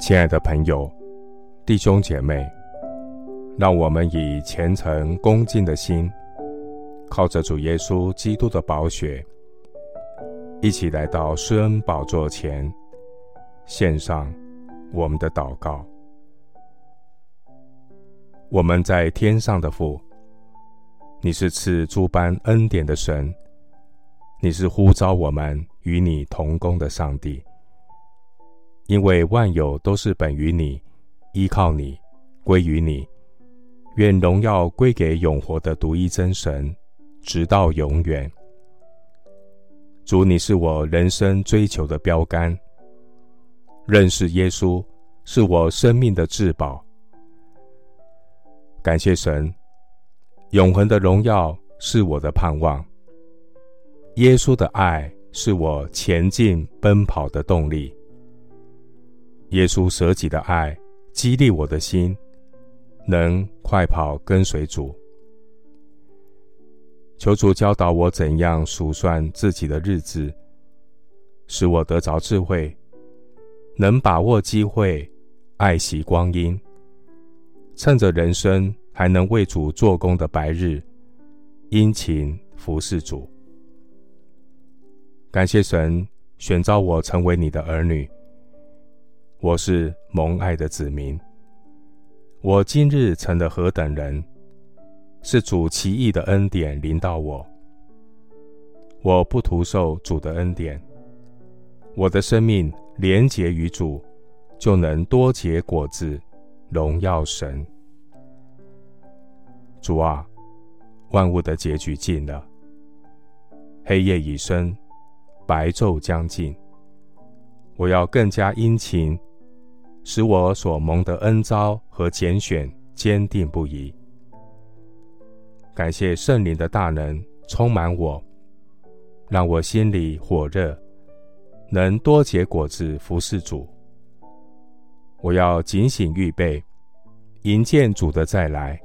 親愛的朋友、弟兄姐妹，讓我們以虔誠恭敬的心，靠着主耶穌基督的寶血，一起來到施恩寶座前，獻上我們的禱告。我們在天上的父，你是賜諸般恩典的神，你是呼召我們與你同工的上帝。因為萬有都是本於你，依靠你，歸於你。願榮耀歸給永活的獨一真神，直到永遠。主，你是我人生追求的標杆。認識耶穌是我生命的至寶。感謝神，永恆的榮耀是我的盼望。耶穌的愛是我前進奔跑的動力。耶穌捨己的愛激勵我的心，能快跑跟隨主。求主教導我怎樣數算自己的日子，使我得着智慧，能把握機會，愛惜光陰，趁着人生還能為主做工的白日，殷勤服侍主。感謝神選召我成為你的兒女。我是蒙愛的子民。我今日成了何等人，是主奇異的恩典臨到我。我不徒受主的恩典，我的生命聯結於主，就能多結果子，榮耀神。主啊，萬物的結局近了，黑夜已深，白晝將近，我要更加殷勤。使我所蒙的恩召和揀選堅定不移。感謝聖靈的大能充滿我，讓我心裡火熱，能多結果子服侍主。我要警醒預備，迎見主的再來，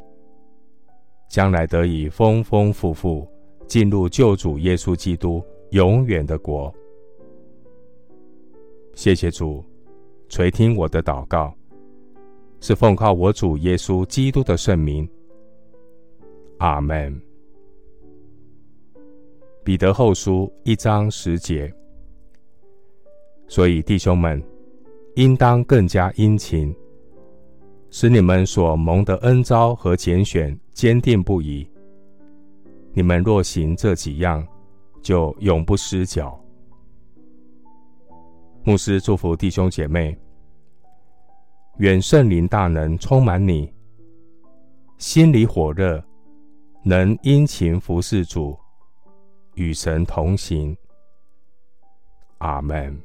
將來得以豐豐富富進入救主耶穌基督永遠的國。謝謝主。垂聽我的禱告，是奉靠我主耶穌基督的聖名。阿門。彼得後書一章十節，所以弟兄們，應當更加殷勤，使你們所蒙的恩召和揀選堅定不移。你們若行這幾樣，就永不失腳。牧師祝福弟兄姐妹，願聖靈大能充滿你，心裡火熱，能殷勤服侍主，與神同行。阿門。